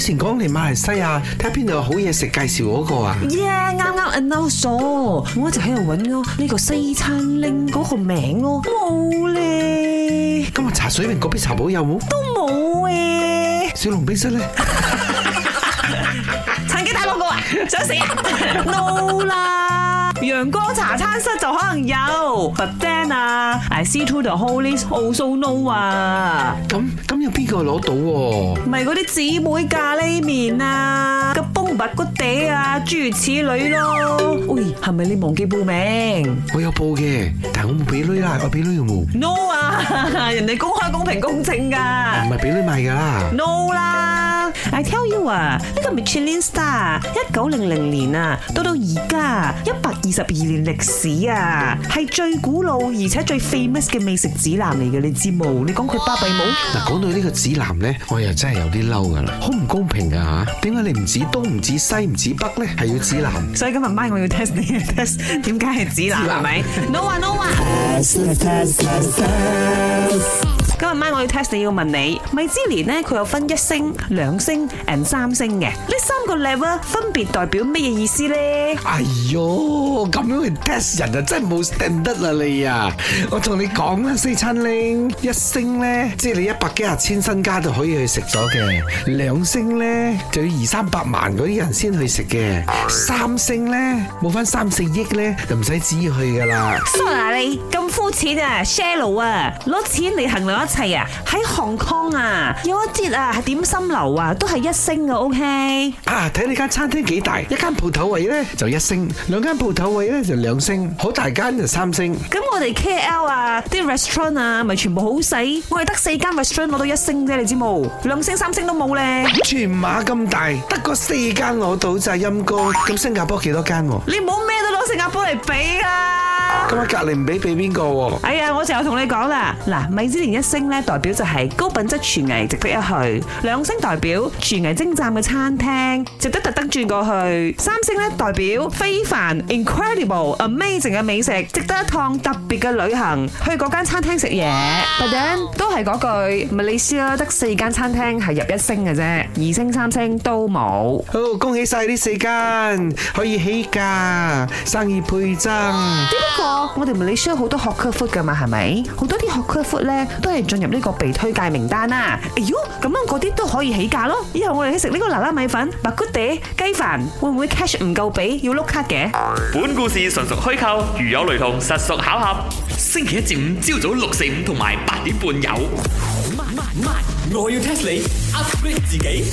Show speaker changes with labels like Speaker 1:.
Speaker 1: 前講嚟馬來西亞睇下邊度有好嘢食介紹嗰個啊
Speaker 2: ，yeah 啱啱 announce 我一直喺度揾咯，呢個西餐拎嗰個名咯，冇咧。今日茶水明嗰邊茶寶有冇？都
Speaker 1: 冇誒。小龍冰室咧，
Speaker 2: 曾經打過個啊，想食 no 啦。陽光茶餐室就可能有，But then 啊，I see two 同 Holy also no 啊。咁咁有邊個攞到？唔係嗰啲姊妹咖喱麵啊，個崩白骨地啊，諸如此類咯。喂，係咪你忘記報名？我有報嘅，但係我冇俾女啦，我俾女又冇。No 啊，人哋公開、公平、公正㗎。唔係俾女賣㗎啦。No 啦。I tell you 啊，呢個 Michelin Star 一九零零年啊，到到而家一百二十二年歷史啊，係最古老而且最 famous 嘅美食指南嚟嘅。你知冇？你講佢巴閉冇？嗱，講到呢個指
Speaker 1: 南咧，我又真係有啲嬲噶啦，好唔公平啊！吓？點解你唔指東唔指西唔指北
Speaker 2: 咧？係要指南？所以今日媽咪我要 test 你 test，點解係指南係咪？No 啊 no 啊！今日晚我要 test 你要問你，米芝蓮呢，佢有分一星、兩星、and 三星嘅，呢三個 level 分別代表咩意思呢？哎喲，咁樣去 test 人真啊真係冇 stand 得啦你
Speaker 1: 啊！我同你講啦，四親令，一星呢，即係你一百幾廿千身家都可以去食咗嘅，兩星呢，就要二三百萬嗰啲人先去食嘅，三星呢，冇翻三四億呢，就唔使旨意去噶啦。
Speaker 2: 啊，你錢啊 shallow 啊，攞錢嚟衡量一切啊！喺 Hong Kong 啊，有一節啊係點心樓啊，都係一星嘅，OK。啊，睇你間餐廳幾大，
Speaker 1: 一間鋪頭位咧就一星，兩間鋪頭位咧就，就兩星，好大間就三星。
Speaker 2: 咁我哋 KL 啊，啲 restaurant 啊，咪全部好細，我哋得四間 restaurant 攞到一星啫，你知冇？兩星三星都冇咧，全馬咁大，得個四間攞到就係陰公。咁新加坡幾多間，啊？你唔好咩都攞新加坡嚟比啊！今日隔籬唔俾俾邊個喎？哎呀，我就有同你講啦，嗱，米芝蓮一星咧，代表就係高品質廚藝，值得一去；兩星代表廚藝精湛嘅餐廳，值得特登轉過去；三星咧代表非凡、incredible、amazing 嘅美食，值得一趟特別嘅旅行去嗰間餐廳食嘢。But then 都係嗰句，咪你知啦，得四間餐廳係入一星嘅啫，二星三星都冇。好，恭喜晒呢四間可以起價，生意倍增。我哋唔理需要好多學 club 噶嘛，係咪？好多啲學 club 咧都係進入呢個被推介名單啦。哎喲，咁樣嗰啲都可以起價咯。以後我哋去食呢個啦啦米粉、白骨地雞飯，會唔會 cash 唔夠俾要碌卡嘅？本故事純屬虛構，如有雷同，實屬巧合。星期一至五朝早六四五同埋八點半有。MY MY，我要 test 你，upgrade 自己。